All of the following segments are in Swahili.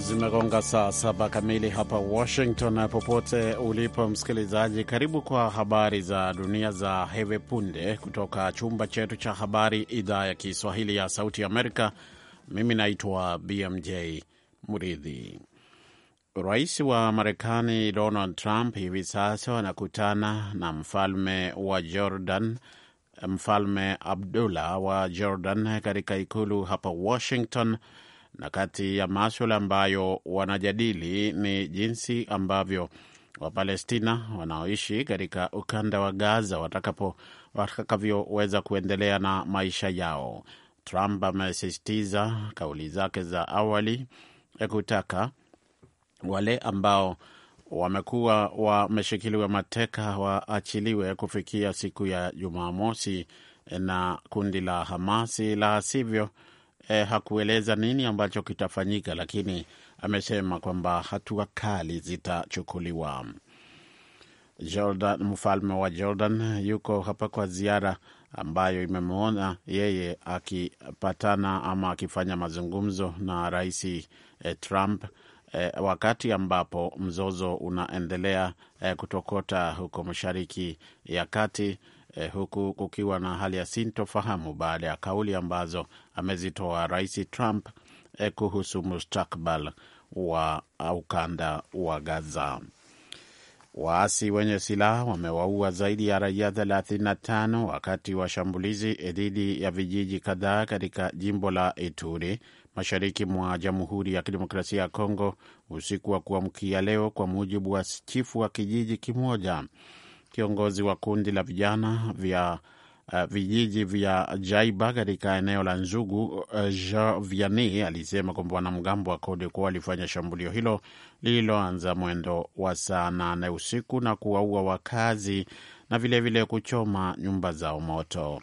Zimegonga saa saba kamili hapa Washington. Popote ulipo msikilizaji, karibu kwa habari za dunia za hewe punde kutoka chumba chetu cha habari, idhaa ya Kiswahili ya Sauti Amerika. Mimi naitwa BMJ Muridhi. Rais wa Marekani Donald Trump hivi sasa anakutana na mfalme wa Jordan, mfalme Abdullah wa Jordan katika ikulu hapa Washington na kati ya maswala ambayo wanajadili ni jinsi ambavyo Wapalestina wanaoishi katika ukanda wa Gaza watakapo watakavyoweza kuendelea na maisha yao. Trump amesisitiza kauli zake za awali ya kutaka wale ambao wamekuwa wameshikiliwa mateka waachiliwe kufikia siku ya Jumamosi na kundi la Hamasi, la sivyo eh, hakueleza nini ambacho kitafanyika, lakini amesema kwamba hatua kali zitachukuliwa. Jordan, mfalme wa Jordan yuko hapa kwa ziara ambayo imemwona yeye akipatana ama akifanya mazungumzo na rais eh, Trump eh, wakati ambapo mzozo unaendelea eh, kutokota huko Mashariki ya Kati eh, huku kukiwa na hali ya sintofahamu baada ya kauli ambazo amezitoa Rais Trump eh, kuhusu mustakbal wa ukanda wa Gaza. Waasi wenye silaha wamewaua zaidi ya raia 35 wakati wa shambulizi eh, dhidi ya vijiji kadhaa katika jimbo la Ituri mashariki mwa Jamhuri ya Kidemokrasia ya Kongo usiku wa kuamkia leo, kwa mujibu wa chifu wa kijiji kimoja kiongozi wa kundi la vijana vya uh, vijiji vya Jaiba katika eneo la Nzugu, uh, eh, Jean Viani alisema kwamba wanamgambo wa CODECO walifanya shambulio hilo lililoanza mwendo wa saa nane usiku na kuwaua wakazi na vilevile vile kuchoma nyumba zao moto.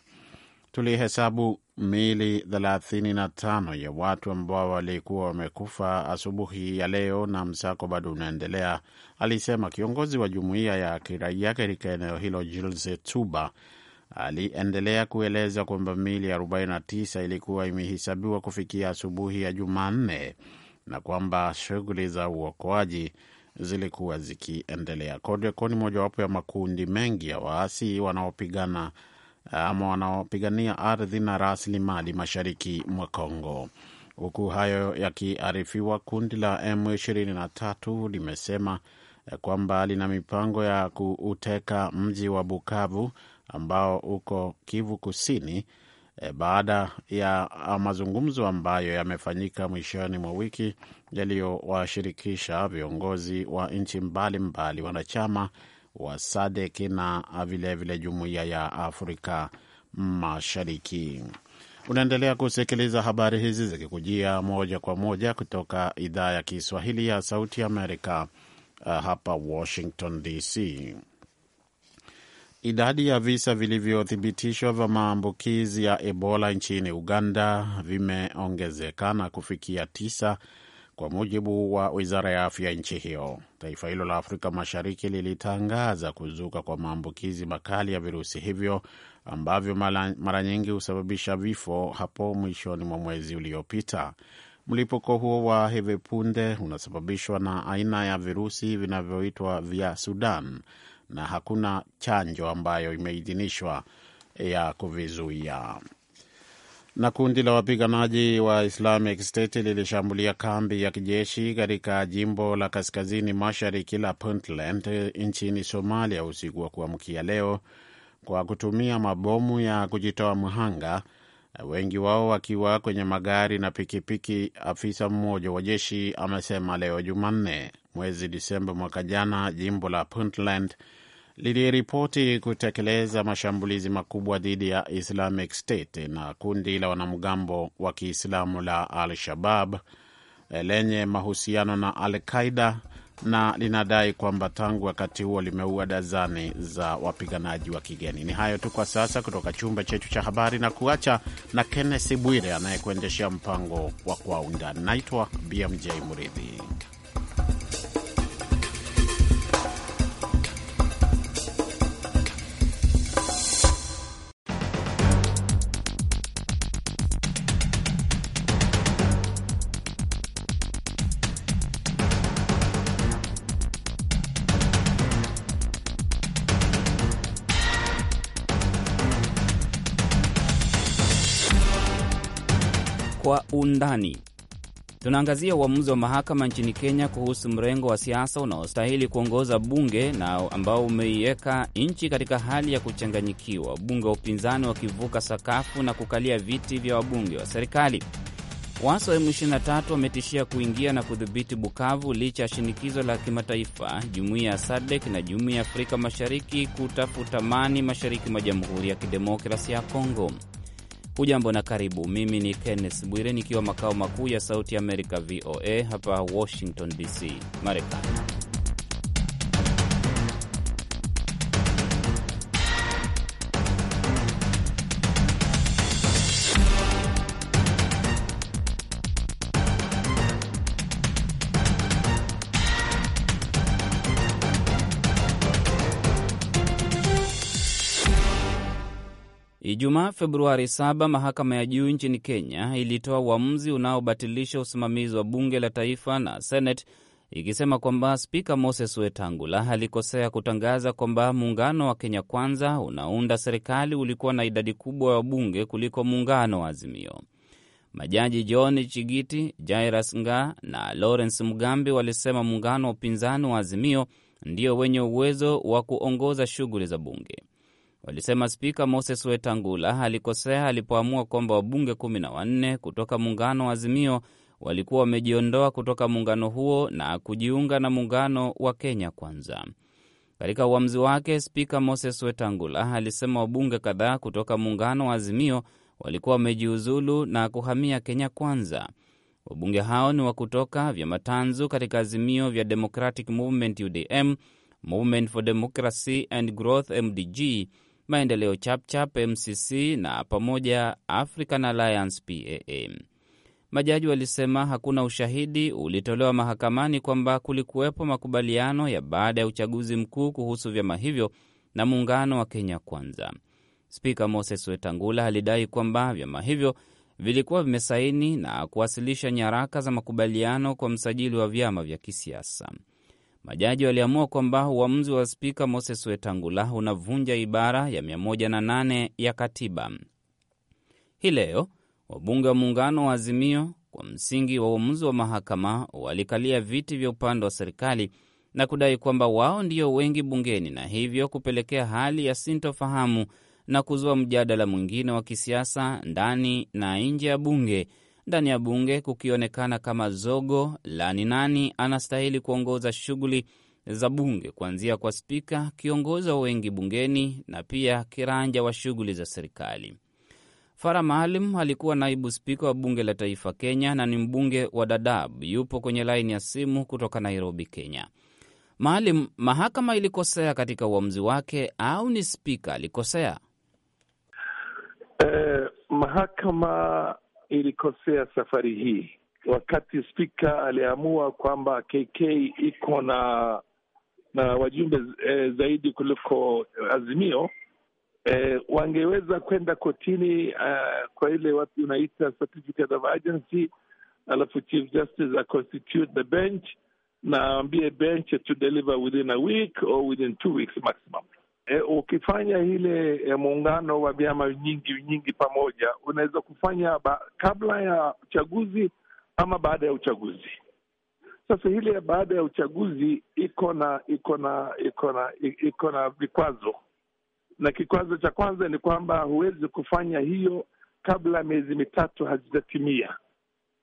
Tulihesabu miili 35 ya watu ambao walikuwa wamekufa asubuhi ya leo, na msako bado unaendelea, alisema kiongozi wa jumuiya ya kiraia katika eneo hilo Jules Tuba. Aliendelea kueleza kwamba miili 49 ilikuwa imehesabiwa kufikia asubuhi ya Jumanne na kwamba shughuli za uokoaji zilikuwa zikiendelea. CODECO ni mojawapo ya makundi mengi ya waasi wanaopigana Eh, ama wanaopigania ardhi na rasilimali mashariki mwa Kongo. Huku hayo yakiarifiwa, kundi la M23 limesema eh, kwamba lina mipango ya kuuteka mji wa Bukavu ambao uko Kivu Kusini eh, baada ya mazungumzo ambayo yamefanyika mwishoni mwa wiki yaliyowashirikisha viongozi wa nchi mbalimbali wanachama wa SADC na vilevile jumuiya ya Afrika Mashariki. Unaendelea kusikiliza habari hizi zikikujia moja kwa moja kutoka idhaa ya Kiswahili ya Sauti Amerika, uh, hapa Washington DC. Idadi ya visa vilivyothibitishwa vya maambukizi ya Ebola nchini Uganda vimeongezeka na kufikia tisa kwa mujibu wa wizara ya afya nchi hiyo. Taifa hilo la Afrika Mashariki lilitangaza kuzuka kwa maambukizi makali ya virusi hivyo ambavyo mara nyingi husababisha vifo hapo mwishoni mwa mwezi uliopita. Mlipuko huo wa hivi punde unasababishwa na aina ya virusi vinavyoitwa vya Sudan, na hakuna chanjo ambayo imeidhinishwa ya kuvizuia. Na kundi la wapiganaji wa Islamic State lilishambulia kambi ya kijeshi katika jimbo la kaskazini mashariki la Puntland nchini Somalia usiku wa kuamkia leo kwa kutumia mabomu ya kujitoa mhanga, wengi wao wakiwa kwenye magari na pikipiki. Afisa mmoja wa jeshi amesema leo Jumanne. Mwezi Disemba mwaka jana, jimbo la Puntland liliripoti kutekeleza mashambulizi makubwa dhidi ya Islamic State na kundi la wanamgambo wa Kiislamu la Al-Shabab eh, lenye mahusiano na Al-Qaida na linadai kwamba tangu wakati huo limeua dazani za wapiganaji wa kigeni. Ni hayo tu kwa sasa kutoka chumba chetu cha habari, na kuacha na kennes Bwire anayekuendeshea mpango wa Kwa Undani. Naitwa BMJ Muridhi. Undani tunaangazia uamuzi wa mahakama nchini Kenya kuhusu mrengo wa siasa unaostahili kuongoza bunge na ambao umeiweka nchi katika hali ya kuchanganyikiwa, wabunge wa upinzani wakivuka sakafu na kukalia viti vya wabunge wa serikali. Waasi wa M23 wametishia kuingia na kudhibiti Bukavu licha ya shinikizo la kimataifa, jumuiya ya sadek na jumuiya ya Afrika Mashariki kutafuta amani mashariki mwa Jamhuri ya Kidemokrasia ya Kongo. Hujambo na karibu. Mimi ni Kenneth Bwire nikiwa makao makuu ya Sauti ya Amerika, VOA hapa Washington DC, Marekani. Ijumaa Februari 7 mahakama ya juu nchini Kenya ilitoa uamuzi unaobatilisha usimamizi wa bunge la taifa na Senate ikisema kwamba spika Moses Wetangula alikosea kutangaza kwamba muungano wa Kenya Kwanza unaunda serikali ulikuwa na idadi kubwa ya bunge kuliko muungano wa Azimio. Majaji John Chigiti, Jairus Nga na Lawrence Mugambi walisema muungano wa upinzani wa Azimio ndio wenye uwezo wa kuongoza shughuli za bunge walisema Spika Moses Wetangula alikosea alipoamua kwamba wabunge 14 kutoka muungano wa Azimio walikuwa wamejiondoa kutoka muungano huo na kujiunga na muungano wa Kenya Kwanza. Katika uamuzi wake, Spika Moses Wetangula alisema wabunge kadhaa kutoka muungano wa Azimio walikuwa wamejiuzulu na kuhamia Kenya Kwanza. Wabunge hao ni wa kutoka vyama tanzu katika Azimio vya Democratic Movement UDM, Movement for Democracy and Growth MDG, Maendeleo Chapchap MCC na pamoja African Alliance PAA. Majaji walisema hakuna ushahidi ulitolewa mahakamani kwamba kulikuwepo makubaliano ya baada ya uchaguzi mkuu kuhusu vyama hivyo na muungano wa Kenya Kwanza. Spika Moses Wetangula alidai kwamba vyama hivyo vilikuwa vimesaini na kuwasilisha nyaraka za makubaliano kwa msajili wa vyama vya kisiasa majaji waliamua kwamba uamuzi wa spika Moses Wetangula unavunja ibara ya 108 ya katiba. Hii leo wabunge wa muungano wa Azimio kwa msingi wa uamuzi wa mahakama walikalia viti vya upande wa serikali na kudai kwamba wao ndio wengi bungeni na hivyo kupelekea hali ya sintofahamu na kuzua mjadala mwingine wa kisiasa ndani na nje ya bunge ndani ya bunge kukionekana kama zogo la ni nani anastahili kuongoza shughuli za bunge kuanzia kwa spika, kiongozi wa wengi bungeni na pia kiranja wa shughuli za serikali. Farah Maalim alikuwa naibu spika wa bunge la taifa Kenya na ni mbunge wa Dadaab. Yupo kwenye laini ya simu kutoka Nairobi, Kenya. Maalim, mahakama ilikosea katika uamuzi wake au ni spika alikosea? Eh, mahakama ilikosea safari hii wakati spika aliamua kwamba KK iko na na wajumbe e, zaidi kuliko Azimio e, wangeweza kwenda kotini uh, kwa ile watu unaita certificate of agency, alafu chief justice aconstitute the bench na ambie bench to deliver within a week or within two weeks maximum e, ukifanya ile e, muungano wa vyama nyingi nyingi pamoja unaweza kufanya ba, kabla ya uchaguzi ama baada ya uchaguzi. Sasa ile baada ya uchaguzi iko na iko na iko na iko na vikwazo, na kikwazo cha kwanza ni kwamba huwezi kufanya hiyo kabla miezi mitatu hazijatimia.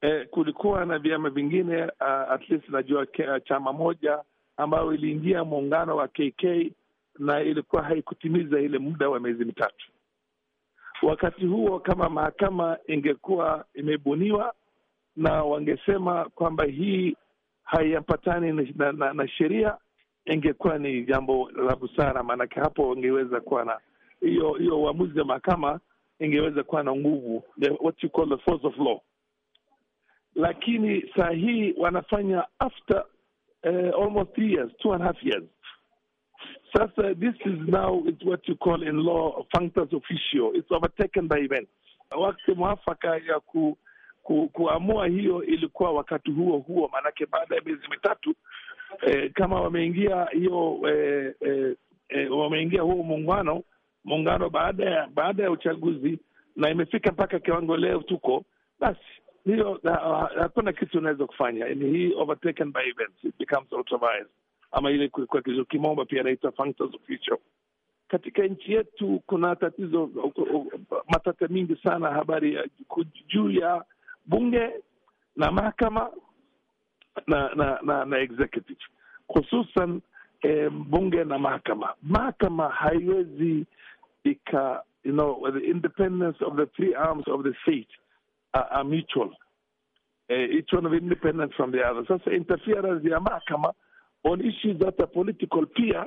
E, kulikuwa na vyama vingine uh, at least najua chama moja ambayo iliingia muungano wa KK na ilikuwa haikutimiza ile muda wa miezi mitatu. Wakati huo kama mahakama ingekuwa imebuniwa na wangesema kwamba hii haiambatani na, na, na sheria, ingekuwa ni jambo la busara, maanake hapo wangeweza kuwa na hiyo hiyo, uamuzi wa mahakama ingeweza kuwa na nguvu, what you call the force of law. Lakini saa hii wanafanya after uh, almost three years, two and a half years sasa this is now it's what you call in law functus officio, it's overtaken by events. Wakati mwafaka ya ku, ku, kuamua hiyo ilikuwa wakati huo huo, maanake baada ya miezi mitatu eh, kama wameingia hiyo eh, eh, eh, wameingia huo muungano muungano baada ya baada ya uchaguzi, na imefika mpaka kiwango leo tuko basi hiyo hakuna kitu unaweza kufanya. Ni hii overtaken by events, it becomes authorized ama ile kwa kimomba pia inaitwa functors future. Katika nchi yetu kuna tatizo, matata mingi sana habari ya juu ya bunge na mahakama na na na, na executive hususan eh, bunge na mahakama. Mahakama haiwezi ika, you know, the independence of the three arms of the state are, are mutual eh, each one of independence from the other. Sasa interference ya mahakama on issues political pia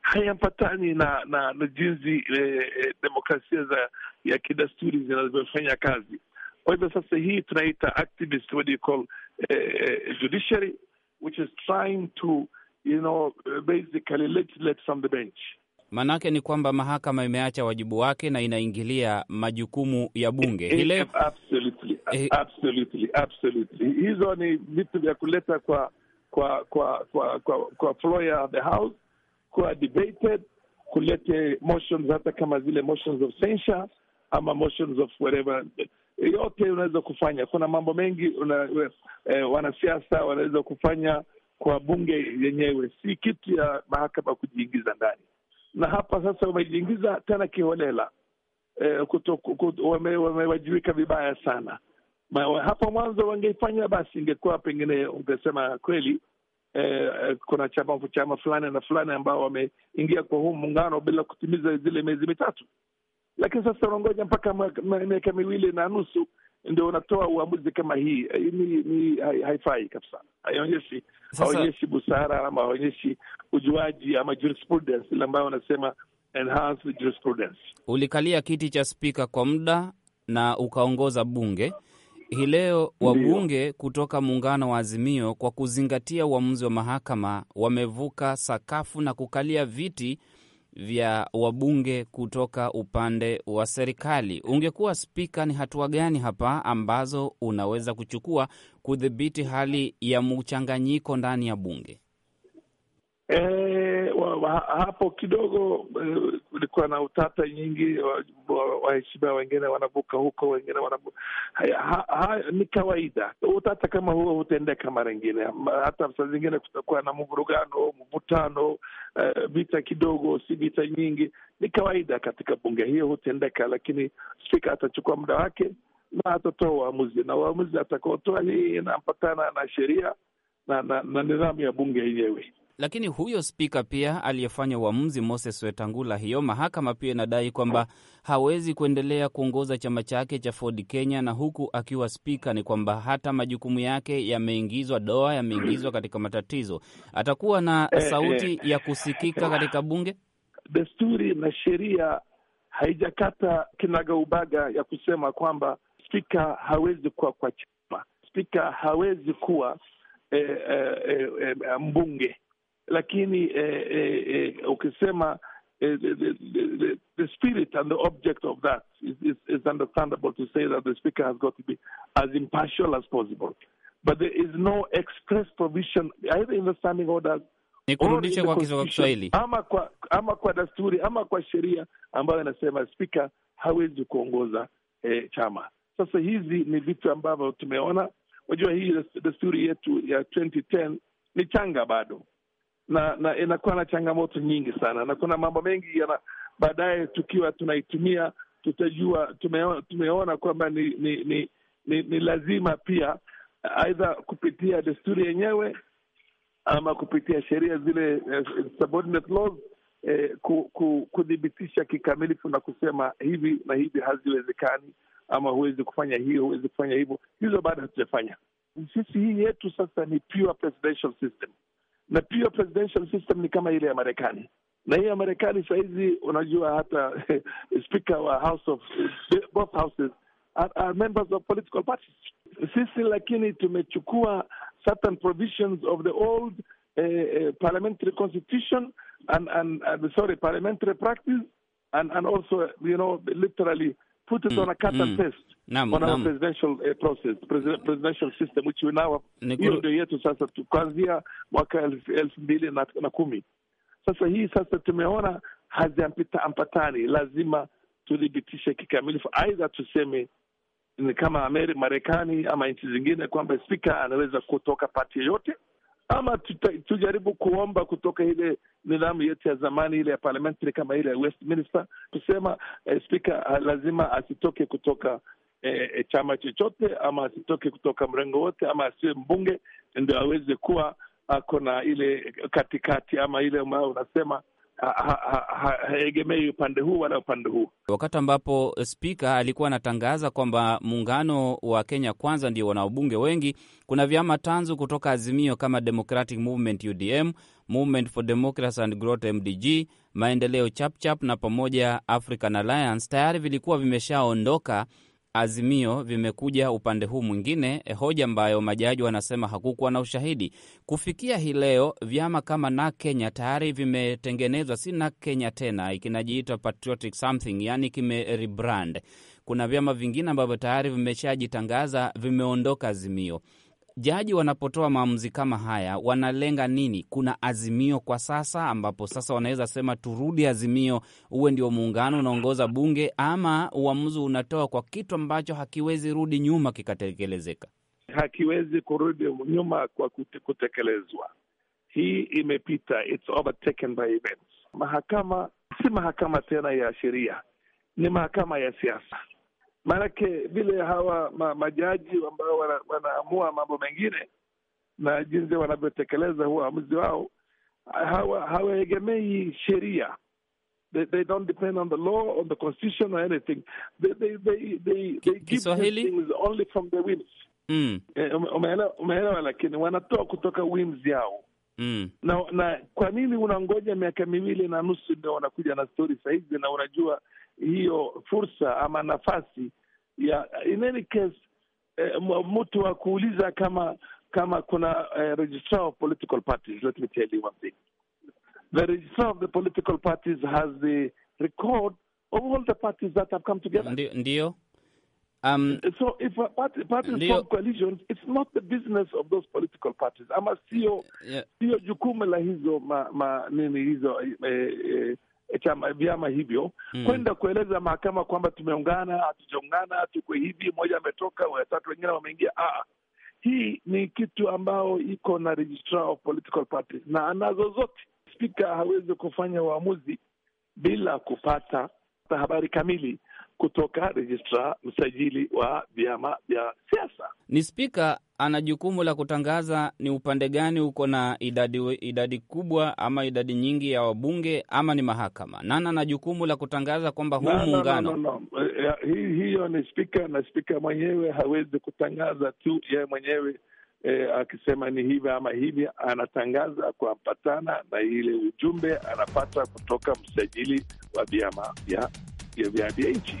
hayampatani na, na na jinsi eh, eh, demokrasia za ya kidasturi zinavyofanya kazi. Kwa hivyo sasa hii tunaita activist what do you call eh, eh judiciary which is trying to you know basically legislate from the bench. Maanake ni kwamba mahakama imeacha wajibu wake na inaingilia majukumu ya bunge hile... Absolutely, eh, absolutely, absolutely. Hizo ni vitu vya kuleta kwa kwa kwa kwa kwa, kwa floor ya the house kuwa debated, kulete motions hata kama zile motions of censure ama motions of whatever yote unaweza kufanya. Kuna mambo mengi una, eh, wanasiasa wanaweza kufanya kwa bunge yenyewe, si kitu ya mahakama kujiingiza ndani. Na hapa sasa wamejiingiza tena kiholela, eh, wamewajibika wame vibaya sana hapo mwanzo wangeifanya basi, ingekuwa pengine ungesema kweli eh, kuna chama chama fulani na fulani ambao wameingia kwa huu muungano bila kutimiza zile miezi mitatu, lakini sasa unangoja mpaka miaka miwili na nusu ndio unatoa uamuzi kama hii. Eh, ni, ni haifai kabisa, haionyeshi haonyeshi busara ama haonyeshi ujuaji ama jurisprudence ile ambayo wanasema enhanced jurisprudence. Ulikalia kiti cha spika kwa muda na ukaongoza bunge hii leo wabunge kutoka muungano wa Azimio, kwa kuzingatia uamuzi wa mahakama, wamevuka sakafu na kukalia viti vya wabunge kutoka upande wa serikali. Ungekuwa spika, ni hatua gani hapa ambazo unaweza kuchukua kudhibiti hali ya mchanganyiko ndani ya bunge? E, wa, wa, hapo kidogo e, kulikuwa e, na utata nyingi. Waheshimiwa wa, wa wengine wanavuka huko, wengine wanavuka ha, ha, ni kawaida. Utata kama huo hutendeka mara ingine, hata saa zingine kutakuwa na mvurugano, mvutano, e, vita kidogo, si vita nyingi, ni kawaida katika bunge, hiyo hutendeka, lakini spika atachukua muda wake na atatoa uamuzi, na uamuzi atakaotoa hii inaambatana na sheria na, na, na nidhamu ya bunge yenyewe. Lakini huyo spika pia aliyefanya uamuzi Moses Wetangula, hiyo mahakama pia inadai kwamba hawezi kuendelea kuongoza chama chake cha Ford Kenya, na huku akiwa spika ni kwamba hata majukumu yake yameingizwa doa, yameingizwa katika matatizo. Atakuwa na eh, eh. sauti ya kusikika katika bunge? Desturi na sheria haijakata kinagaubaga ya kusema kwamba spika hawezi kuwa kwa chama, spika hawezi kuwa e, e, e, mbunge lakini eh, eh, eh, ukisema eh, the, the, the spirit and the object of that is, is, is understandable to say that the speaker has got to be as impartial as possible but there is no express provision either in the standing orders ni kurudisha kwa Kiswa Kiswahili ama kwa, ama kwa dasturi ama kwa sheria ambayo inasema spika hawezi kuongoza eh, chama. Sasa hizi ni vitu ambavyo tumeona, unajua hii dasturi yetu ya 2010 ni changa bado, na na inakuwa na changamoto nyingi sana, na kuna mambo mengi yana baadaye, tukiwa tunaitumia tutajua, tumeona, tumeona kwamba ni ni, ni ni ni lazima pia, aidha kupitia desturi yenyewe ama kupitia sheria zile eh, subordinate laws eh, kuthibitisha kikamilifu na kusema hivi na hivi haziwezekani, ama huwezi kufanya hiyo, huwezi kufanya hivyo. Hizo bado hatujafanya sisi. Hii yetu sasa ni pure presidential system na pia presidential system ni kama ile ya Marekani na hii ya Marekani sahizi, unajua hata speaker wa house of both houses are, are members of political parties. Sisi lakini tumechukua certain provisions of the old uh, parliamentary constitution and, and, and sorry parliamentary practice and, and also you know literally put it mm, on a cut mm, mm, paste on our presidential eh, process presidential system which we now Hiyo ndio yetu sasa kuanzia mwaka elfu mbili na, na kumi. Sasa hii sasa tumeona haziampatani lazima tudhibitishe kikamilifu, aidha tuseme ni kama Marekani ama nchi zingine kwamba spika anaweza kutoka pati yeyote ama tuta, tujaribu kuomba kutoka ile nidhamu yetu ya zamani ile ya parliamentary kama ile ya Westminster kusema eh, spika ah, lazima asitoke kutoka eh, eh, chama chochote ama asitoke kutoka mrengo wote ama asiwe mbunge ndio aweze kuwa ako na ile katikati ama ile ambayo unasema haegemei ha, ha, ha, upande huu wala upande huu. Wakati ambapo spika alikuwa anatangaza kwamba muungano wa Kenya Kwanza ndio wana wabunge wengi, kuna vyama tanzu kutoka Azimio kama Democratic Movement UDM, Movement for Democracy and Growth MDG, Maendeleo Chapchap na pamoja African Alliance tayari vilikuwa vimeshaondoka Azimio vimekuja upande huu mwingine, eh, hoja ambayo majaji wanasema hakukuwa na ushahidi. Kufikia hii leo vyama kama NAK Kenya tayari vimetengenezwa, si NAK Kenya tena, kinajiita Patriotic something, yani kime rebrand. Kuna vyama vingine ambavyo tayari vimeshajitangaza vimeondoka Azimio jaji wanapotoa maamuzi kama haya wanalenga nini? Kuna azimio kwa sasa ambapo sasa wanaweza sema turudi azimio, uwe ndio muungano unaongoza bunge, ama uamuzi unatoa kwa kitu ambacho hakiwezi rudi nyuma kikatekelezeka, hakiwezi kurudi nyuma kwa kutekelezwa. Hii imepita, it's overtaken by events. Mahakama si mahakama tena ya sheria, ni mahakama ya siasa maanake vile hawa ma, majaji ambao wana, wanaamua mambo mengine na jinsi wanavyotekeleza huwa amuzi wao hawaegemei sheria they don't depend on the law on the constitution or anything they, they, they, they, they give things only from the whims mm. Eh, umeelewa, lakini wanatoa kutoka whims yao mm. na, na kwa nini unangoja miaka miwili na nusu ndio wanakuja na stori sahizi na unajua hiyo fursa ama nafasi ya in any case eh, mtu wa kuuliza kama kama kuna eh, registrar of political parties let me tell you one thing the registrar of the political parties has the record of all the parties that have come together ndio, ndio. Um, so if a party, parties ndio. form coalitions it's not the business of those political parties ama sio yeah. sio jukumu la hizo ma, ma nini hizo eh, eh, chama vyama hivyo mm, kwenda kueleza mahakama kwamba tumeungana, hatujaungana, tuko hivi, mmoja ametoka, watatu wengine wameingia. Ah, hii ni kitu ambayo iko na registrar of political parties na anazo zote. Spika hawezi kufanya uamuzi bila kupata habari kamili kutoka rejistra msajili wa vyama vya siasa. Ni spika ana jukumu la kutangaza ni upande gani uko na idadi idadi kubwa ama idadi nyingi ya wabunge ama ni mahakama. Nana ana jukumu la kutangaza kwamba huu muungano no, no, no, no. Hiyo ni spika, na spika mwenyewe hawezi kutangaza tu yeye mwenyewe E, akisema ni hivi ama hivi, anatangaza kwa mpatana na ile ujumbe anapata kutoka msajili wa vyama vya ya vya nchi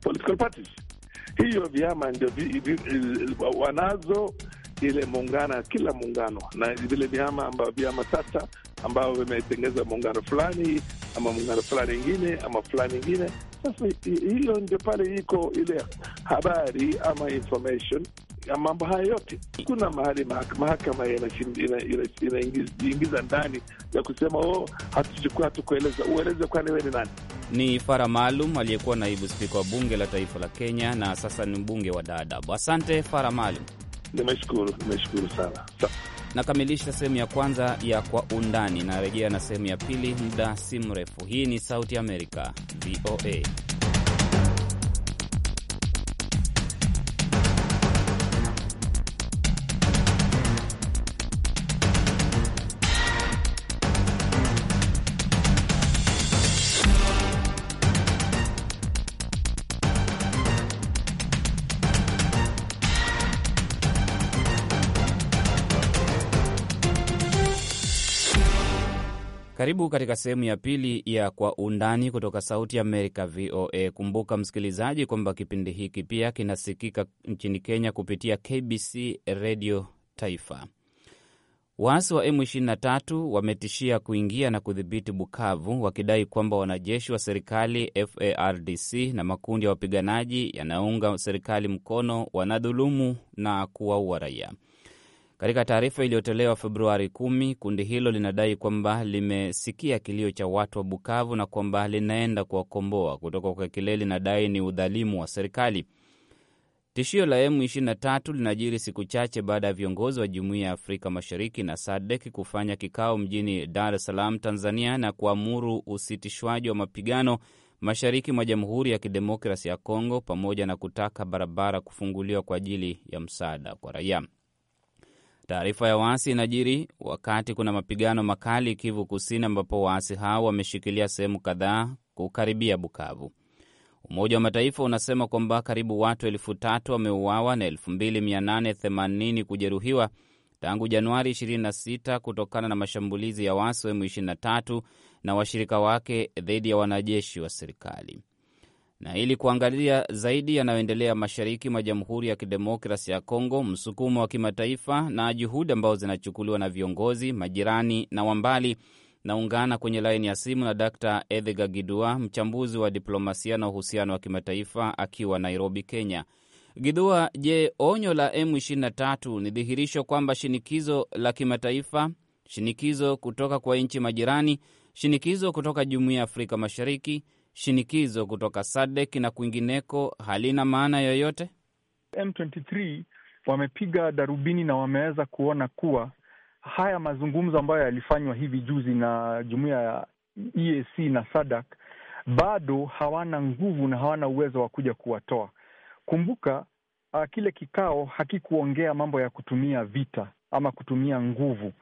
political parties. Hiyo vyama ndio wanazo ile muungano, kila muungano na vile vyama ambao vyama sasa ambao vimetengeza muungano fulani ama muungano fulani ingine ama fulani ingine. Sasa hiyo ndio pale iko ile habari ama information ya mambo haya yote. Kuna mahali mahakama inaingiza ndani ya kusema oh, hatuchukua hatukueleza ueleze, kwani wewe ni nani? Ni Fara Maalum aliyekuwa naibu spika wa bunge la taifa la Kenya na sasa ni mbunge wa Daadabu. Asante Fara Maalum. Nimeshukuru, nimeshukuru sana. Nakamilisha sehemu ya kwanza ya Kwa Undani, narejea na sehemu ya pili muda si mrefu. Hii ni Sauti Amerika, VOA. Karibu katika sehemu ya pili ya Kwa Undani kutoka Sauti Amerika, VOA. Kumbuka msikilizaji kwamba kipindi hiki pia kinasikika nchini Kenya kupitia KBC Redio Taifa. Waasi wa M23 wametishia kuingia na kudhibiti Bukavu, wakidai kwamba wanajeshi wa serikali FARDC na makundi ya wapiganaji yanaunga serikali mkono wanadhulumu na kuwaua raia. Katika taarifa iliyotolewa Februari 10, kundi hilo linadai kwamba limesikia kilio cha watu wa Bukavu na kwamba linaenda kuwakomboa kutoka kwa kile linadai ni udhalimu wa serikali. Tishio la M23 linajiri siku chache baada ya viongozi wa Jumuiya ya Afrika Mashariki na SADC kufanya kikao mjini Dar es Salaam, Tanzania, na kuamuru usitishwaji wa mapigano mashariki mwa Jamhuri ya Kidemokrasi ya congo pamoja na kutaka barabara kufunguliwa kwa ajili ya msaada kwa raia. Taarifa ya waasi inajiri wakati kuna mapigano makali Kivu Kusini, ambapo waasi hao wameshikilia sehemu kadhaa kukaribia Bukavu. Umoja wa Mataifa unasema kwamba karibu watu elfu tatu wameuawa na elfu mbili mia nane themanini kujeruhiwa tangu Januari 26 kutokana na mashambulizi ya waasi wa M23 na washirika wake dhidi ya wanajeshi wa serikali na ili kuangalia zaidi yanayoendelea mashariki mwa Jamhuri ya Kidemokrasi ya Kongo, msukumo wa kimataifa na juhudi ambazo zinachukuliwa na viongozi majirani na wambali. Naungana kwenye laini ya simu na Dkt. Edgar Gidua, mchambuzi wa diplomasia na uhusiano wa kimataifa akiwa Nairobi, Kenya. Gidua, je, onyo la M23 ni dhihirisho kwamba shinikizo la kimataifa, shinikizo kutoka kwa nchi majirani, shinikizo kutoka Jumuiya ya Afrika Mashariki shinikizo kutoka SADC na kwingineko halina maana yoyote? M23 wamepiga darubini na wameweza kuona kuwa haya mazungumzo ambayo yalifanywa hivi juzi na jumuiya ya EAC na SADC bado hawana nguvu na hawana uwezo wa kuja kuwatoa. Kumbuka uh, kile kikao hakikuongea mambo ya kutumia vita ama kutumia nguvu.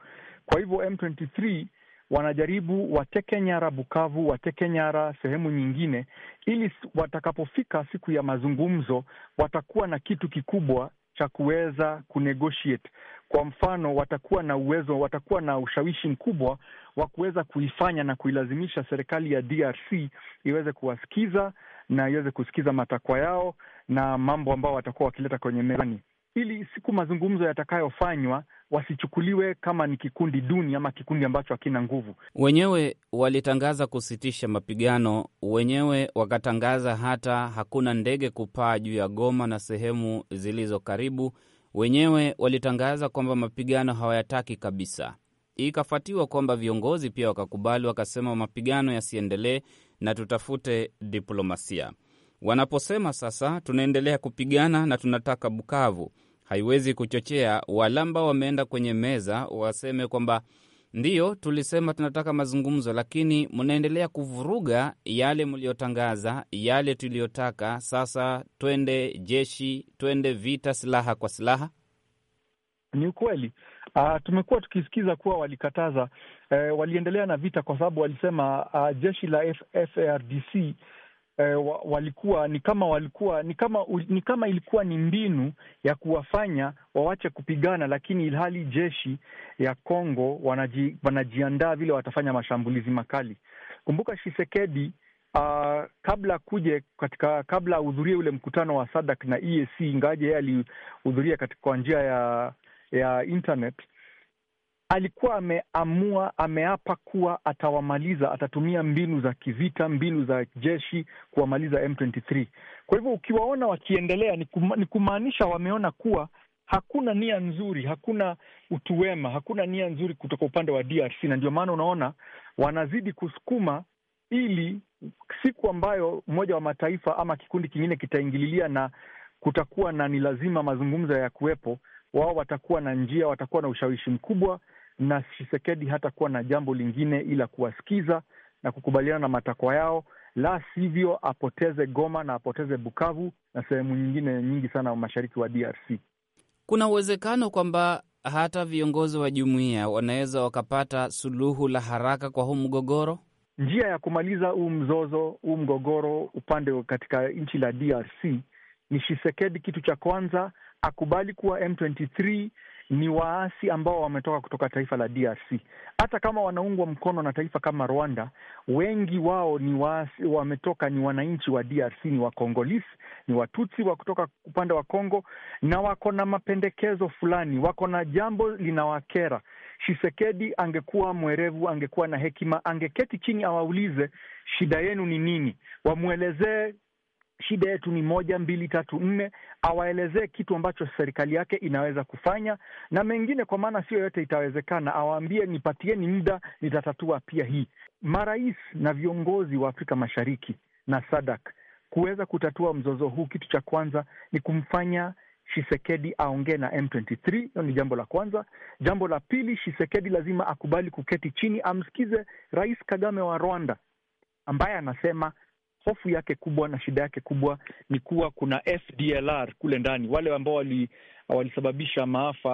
Kwa hivyo M23 wanajaribu wateke nyara Bukavu, wateke nyara sehemu nyingine, ili watakapofika siku ya mazungumzo watakuwa na kitu kikubwa cha kuweza kunegotiate. Kwa mfano, watakuwa na uwezo, watakuwa na ushawishi mkubwa wa kuweza kuifanya na kuilazimisha serikali ya DRC iweze kuwasikiza na iweze kusikiza matakwa yao na mambo ambayo watakuwa wakileta kwenye mezani, ili siku mazungumzo yatakayofanywa wasichukuliwe kama ni kikundi duni ama kikundi ambacho hakina nguvu. Wenyewe walitangaza kusitisha mapigano, wenyewe wakatangaza hata hakuna ndege kupaa juu ya Goma na sehemu zilizo karibu. Wenyewe walitangaza kwamba mapigano hawayataki kabisa. Ikafuatiwa kwamba viongozi pia wakakubali, wakasema mapigano yasiendelee na tutafute diplomasia. Wanaposema sasa tunaendelea kupigana na tunataka Bukavu haiwezi kuchochea walamba wameenda kwenye meza waseme kwamba ndiyo tulisema tunataka mazungumzo, lakini mnaendelea kuvuruga yale mliyotangaza, yale tuliyotaka. Sasa twende jeshi, twende vita, silaha kwa silaha. Ni ukweli. Uh, tumekuwa tukisikiza kuwa walikataza, uh, waliendelea na vita kwa sababu walisema, uh, jeshi la F FARDC e, wa, walikuwa ni kama walikuwa ni kama ni kama ilikuwa ni mbinu ya kuwafanya wawache kupigana, lakini ilhali jeshi ya Kongo wanaji, wanajiandaa vile watafanya mashambulizi makali. Kumbuka shisekedi Uh, ah, kabla kuje katika kabla ahudhurie ule mkutano wa SADC na EAC, ingawaje yeye alihudhuria kwa njia ya ya internet, alikuwa ameamua, ameapa kuwa atawamaliza, atatumia mbinu za kivita, mbinu za jeshi kuwamaliza M23. Kwa hivyo ukiwaona wakiendelea ni kumaanisha wameona kuwa hakuna nia nzuri, hakuna utu wema, hakuna nia nzuri kutoka upande wa DRC, na ndio maana unaona wanazidi kusukuma ili siku ambayo Umoja wa Mataifa ama kikundi kingine kitaingililia na kutakuwa na ni lazima mazungumzo ya kuwepo, wao watakuwa na njia, watakuwa na ushawishi mkubwa na hata kuwa na jambo lingine ila kuwasikiza na kukubaliana na matakwa yao, la sivyo apoteze Goma na apoteze Bukavu na sehemu nyingine nyingi sana mashariki wa DRC. Kuna uwezekano kwamba hata viongozi wa jumuiya wanaweza wakapata suluhu la haraka kwa huu mgogoro, njia ya kumaliza huu mzozo, huu mgogoro upande katika nchi la DRC ni Shisekedi. Kitu cha kwanza akubali kuwa M23 ni waasi ambao wametoka kutoka taifa la DRC. Hata kama wanaungwa mkono na taifa kama Rwanda, wengi wao ni waasi, wametoka ni wananchi wa DRC, ni Wakongolis, ni Watutsi wa kutoka upande wa Kongo, na wako na mapendekezo fulani, wako na jambo linawakera. Shisekedi angekuwa mwerevu, angekuwa na hekima, angeketi chini awaulize shida yenu ni nini, wamwelezee shida yetu ni moja mbili tatu nne, awaelezee kitu ambacho serikali yake inaweza kufanya na mengine, kwa maana sio yote itawezekana. Awaambie, nipatieni muda, nitatatua pia hii. Marais na viongozi wa Afrika Mashariki na Sadak kuweza kutatua mzozo huu, kitu cha kwanza ni kumfanya Shisekedi aongee na M23. Hiyo ni jambo la kwanza. Jambo la pili, Shisekedi lazima akubali kuketi chini, amsikize Rais Kagame wa Rwanda ambaye anasema hofu yake kubwa na shida yake kubwa ni kuwa kuna FDLR kule ndani, wale ambao walisababisha wali maafa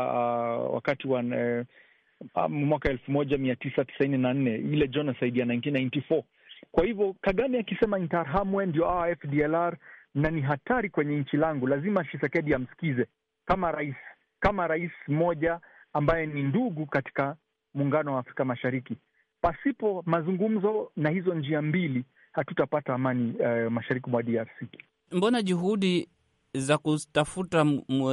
uh, wakati wa uh, um, mwaka elfu moja mia tisa tisaini na nne ile genocide ya 1994. Kwa hivyo Kagame akisema nitahamwe ndio awa FDLR na ni hatari kwenye nchi langu, lazima Shisekedi amsikize kama rais, kama rais mmoja ambaye ni ndugu katika muungano wa Afrika Mashariki. Pasipo mazungumzo na hizo njia mbili hatutapata amani uh, mashariki mwa DRC. Mbona juhudi za kutafuta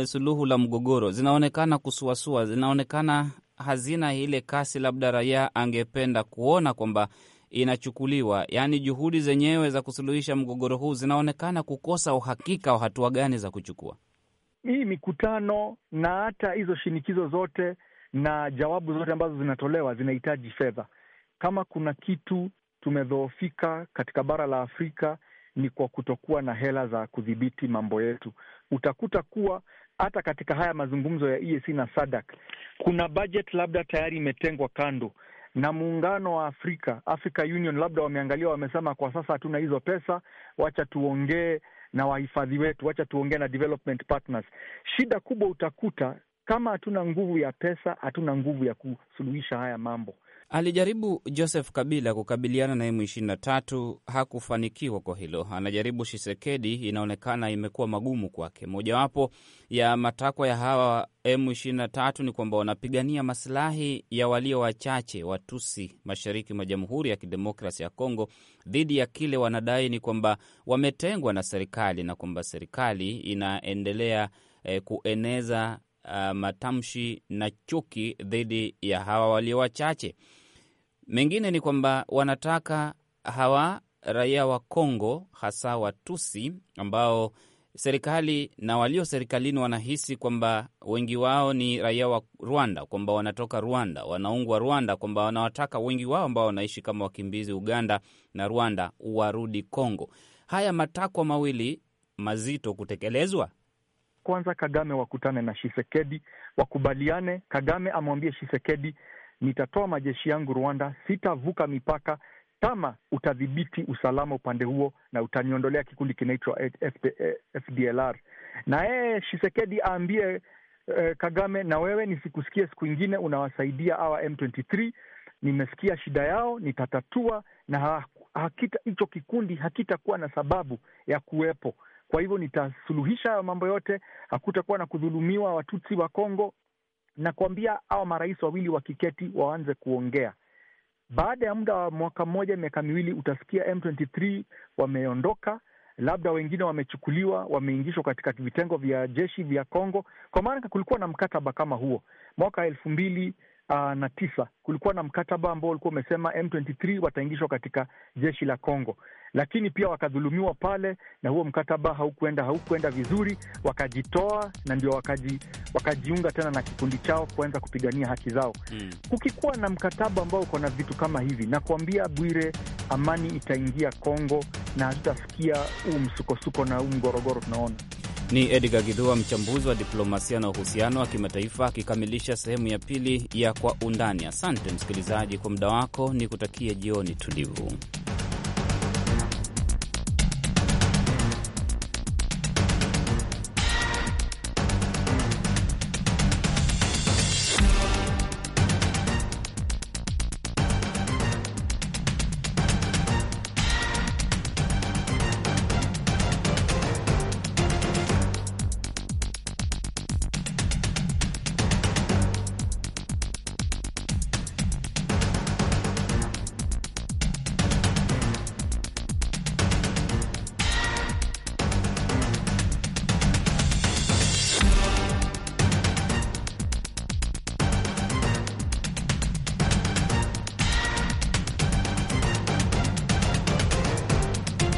suluhu la mgogoro zinaonekana kusuasua, zinaonekana hazina ile kasi labda raia angependa kuona kwamba inachukuliwa? Yaani juhudi zenyewe za kusuluhisha mgogoro huu zinaonekana kukosa uhakika wa hatua gani za kuchukua. Hii mikutano na hata hizo shinikizo zote na jawabu zote ambazo zinatolewa zinahitaji fedha. Kama kuna kitu tumedhoofika katika bara la Afrika ni kwa kutokuwa na hela za kudhibiti mambo yetu. Utakuta kuwa hata katika haya mazungumzo ya EAC na SADC kuna budget labda tayari imetengwa kando na muungano wa Afrika, Africa Union, labda wameangalia, wamesema kwa sasa hatuna hizo pesa, wacha tuongee na wahifadhi wetu, wacha tuongee na development partners. Shida kubwa utakuta kama hatuna nguvu ya pesa, hatuna nguvu ya kusuluhisha haya mambo. Alijaribu Joseph Kabila kukabiliana na M23, hakufanikiwa kwa hilo. Anajaribu Shisekedi, inaonekana imekuwa magumu kwake. Mojawapo ya matakwa ya hawa M23 ni kwamba wanapigania masilahi ya walio wachache Watusi mashariki mwa Jamhuri ya Kidemokrasi ya Kongo dhidi ya kile wanadai ni kwamba wametengwa na serikali na kwamba serikali inaendelea eh, kueneza uh, matamshi na chuki dhidi ya hawa walio wachache. Mengine ni kwamba wanataka hawa raia wa Kongo, hasa Watusi ambao serikali na walio serikalini wanahisi kwamba wengi wao ni raia wa Rwanda, kwamba wanatoka Rwanda, wanaungwa Rwanda, kwamba wanawataka wengi wao ambao wanaishi kama wakimbizi Uganda na Rwanda warudi Kongo. Haya matakwa mawili mazito kutekelezwa kwanza Kagame wakutane na Shisekedi, wakubaliane. Kagame amwambie Shisekedi, nitatoa majeshi yangu Rwanda, sitavuka mipaka kama utadhibiti usalama upande huo na utaniondolea kikundi kinaitwa FDLR. Eh, na yeye Shisekedi aambie eh, Kagame, na wewe nisikusikie siku ingine unawasaidia awa M23, nimesikia shida yao, nitatatua na hakita hicho kikundi hakitakuwa na sababu ya kuwepo. Kwa hivyo nitasuluhisha mambo yote, hakutakuwa na kudhulumiwa Watutsi wa Kongo. kuambia awa marais wawili wa kiketi waanze kuongea. Baada ya muda wa mwaka mmoja, miaka miwili, utasikia m wameondoka, labda wengine wamechukuliwa, wameingishwa katika vitengo vya jeshi vya congo kwa maana kulikuwa na mkataba kama huo mwaka elfu mbili uh, na tisa kulikuwa na mkataba ambao ulikuwa umesema M23 wataingishwa katika jeshi la congo lakini pia wakadhulumiwa pale, na huo mkataba haukuenda haukuenda vizuri, wakajitoa na ndio wakaji, wakajiunga tena na kikundi chao kuanza kupigania haki zao mm. Kukikuwa na mkataba ambao uko na vitu kama hivi, nakuambia Bwire, amani itaingia congo na hatutasikia huu msukosuko na huu mgorogoro tunaona. Ni Edgar Gidhua, mchambuzi wa diplomasia na uhusiano wa kimataifa, akikamilisha sehemu ya pili ya Kwa Undani. Asante msikilizaji kwa muda wako, ni kutakia jioni tulivu.